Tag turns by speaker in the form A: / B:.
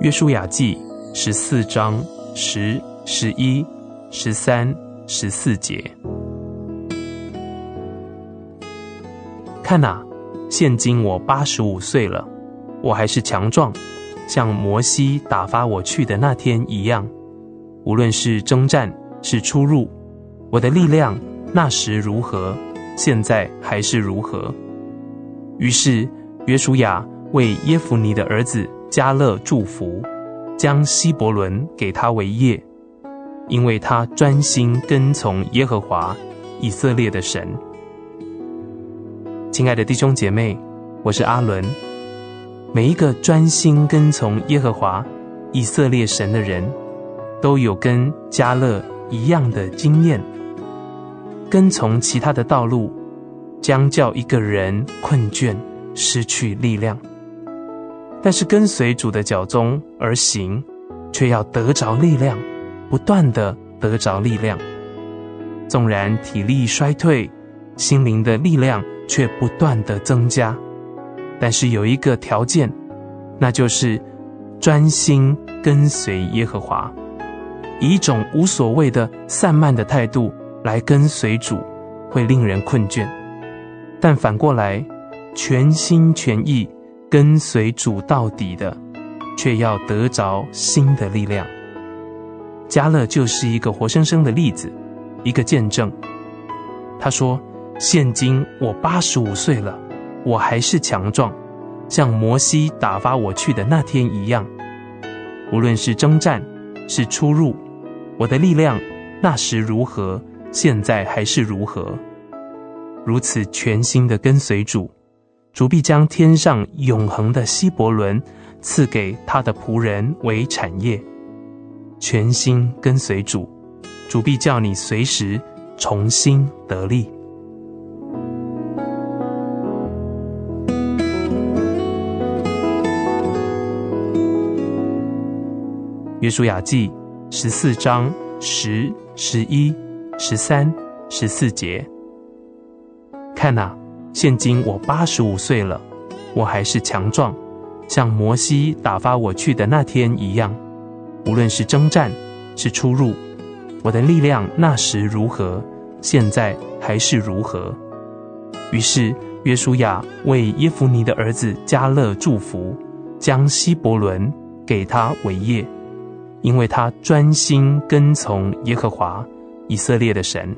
A: 約書亞記十四章十、十一、十三、十四節，看哪、啊，現今我八十五歲了，我還是強壯，像摩西打發我去的那天一樣。無論是征戰，是出入，我的力量那時如何，現在還是如何。於是約書亞為耶孚尼的兒子。迦勒祝福，將希伯倫給他為業，因為他專心跟從耶和華以色列的神。親愛的弟兄姐妹，我是阿倫。每一個專心跟從耶和華以色列神的人，都有跟迦勒一樣的經驗。跟從其他的道路，將叫一個人困倦，失去力量。但是跟隨主的腳蹤而行，卻要得着力量，不斷的得着力量。縱然體力衰退，心靈的力量卻不斷的增加。但是有一個條件，那就是專心跟隨耶和華。以一種無所謂的散漫的態度來跟隨主，會令人困倦。但反過來，全心全意。跟隨主到底的，卻要得着新的力量。迦勒就是一個活生生的例子，一個見證。他說：“現今我八十五歲了，我還是強壯，像摩西打發我去的那天一樣。無論是征戰，是出入，我的力量那時如何，現在還是如何。如此全心的跟隨主。”主必將天上永恆的希伯倫賜給他的僕人為產業，全心跟隨主，主必叫你隨時重新得力。約書亞記十四章十、十一、十三、十四節，看吶、啊。現今我八十五歲了，我還是強壯，像摩西打發我去的那天一樣。無論是征戰，是出入，我的力量那時如何，現在還是如何。於是約書亞為耶孚尼的兒子迦勒祝福，將希伯倫給他為業，因為他專心跟從耶和華以色列的神。